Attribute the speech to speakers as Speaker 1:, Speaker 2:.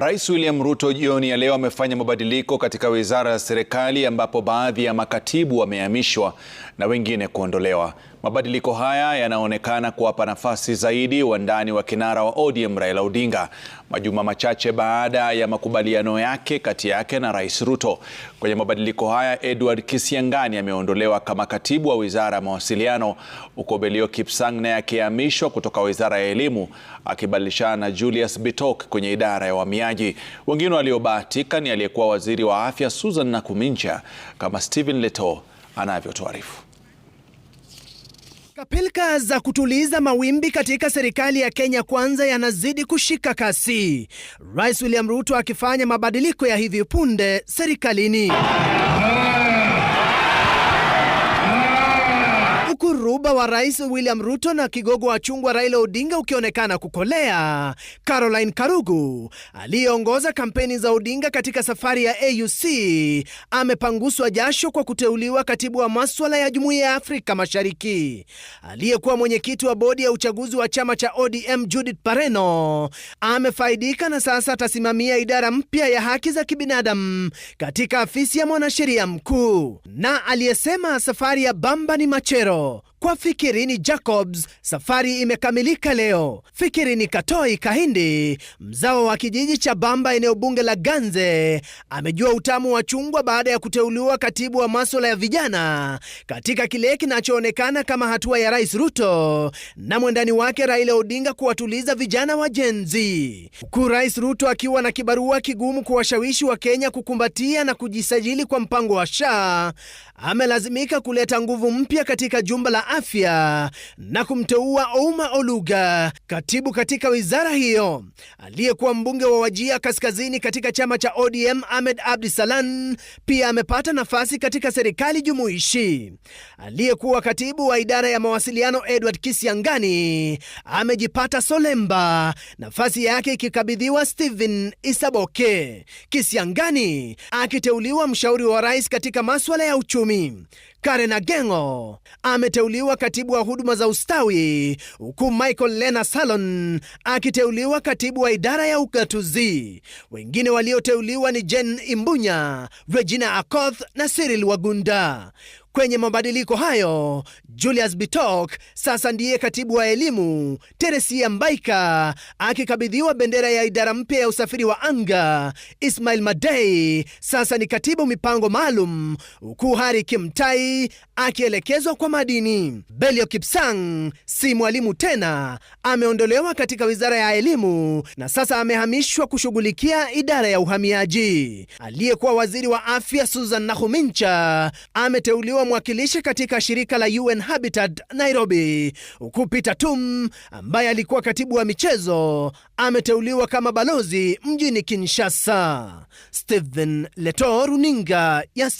Speaker 1: Rais William Ruto jioni ya leo amefanya mabadiliko katika wizara ya serikali ambapo baadhi ya makatibu wamehamishwa na wengine kuondolewa. Mabadiliko haya yanaonekana kuwapa nafasi zaidi wandani wa kinara wa ODM Raila Odinga, majuma machache baada ya makubaliano yake kati yake na Rais Ruto. Kwenye mabadiliko haya, Edward Kisiangani ameondolewa kama katibu wa wizara ya mawasiliano, huko Belio Kipsang naye akihamishwa kutoka wizara ya elimu akibadilishana na Julius Bitok kwenye idara ya wahamiaji uhamiaji. Wengine waliobahatika ni aliyekuwa waziri wa afya Susan Nakumincha, kama Stephen Leto anavyotuarifu.
Speaker 2: kapilka za kutuliza mawimbi katika serikali ya Kenya Kwanza yanazidi kushika kasi, Rais William Ruto akifanya mabadiliko ya hivi punde serikalini. wa Rais William Ruto na kigogo wa chungwa Raila Odinga ukionekana kukolea, Caroline Karugu aliyeongoza kampeni za Odinga katika safari ya AUC amepanguswa jasho kwa kuteuliwa katibu wa maswala ya Jumuiya ya Afrika Mashariki. Aliyekuwa mwenyekiti wa bodi ya uchaguzi wa chama cha ODM Judith Pareno amefaidika na sasa atasimamia idara mpya ya haki za kibinadamu katika afisi ya mwanasheria mkuu, na aliyesema safari ya Bamba ni Machero kwa Fikirini Jacobs, safari imekamilika leo. Fikirini Katoi Kahindi, mzao wa kijiji cha Bamba, eneo bunge la Ganze, amejua utamu wa chungwa baada ya kuteuliwa katibu wa maswala ya vijana katika kile kinachoonekana kama hatua ya Rais Ruto na mwendani wake Raila Odinga kuwatuliza vijana wa Gen Z, huku Rais Ruto akiwa na kibarua kigumu kuwashawishi kenya kukumbatia na kujisajili kwa mpango wa SHA, amelazimika kuleta nguvu mpya katika jumba la afya afya na kumteua Ouma Oluga katibu katika wizara hiyo. Aliyekuwa mbunge wa Wajia Kaskazini katika chama cha ODM Ahmed Salan pia amepata nafasi katika serikali jumuishi. Aliyekuwa katibu wa idara ya mawasiliano Edward Kisiangani amejipata Solemba, nafasi yake ikikabidhiwa Stephen Isaboke. Kisiangani akiteuliwa mshauri wa rais katika masuala ya uchumi. Karen Agengo ameteuliwa katibu wa huduma za ustawi, huku Michael Lena Salon akiteuliwa katibu wa idara ya ugatuzi. Wengine walioteuliwa ni Jen Imbunya, Regina Akoth na Cyril Wagunda. Kwenye mabadiliko hayo, Julius Bitok sasa ndiye katibu wa elimu, Teresia Mbaika akikabidhiwa bendera ya idara mpya ya usafiri wa anga, Ismail Madei sasa ni katibu mipango maalum, huku Hari Kimtai akielekezwa kwa madini. Belio Kipsang si mwalimu tena, ameondolewa katika wizara ya elimu na sasa amehamishwa kushughulikia idara ya uhamiaji. Aliyekuwa waziri wa afya Susan nahumincha ameteuliwa akiwa mwakilishi katika shirika la UN Habitat Nairobi, huku Peter Tum ambaye alikuwa katibu wa michezo ameteuliwa kama balozi mjini Kinshasa. Stephen Leto, runinga ya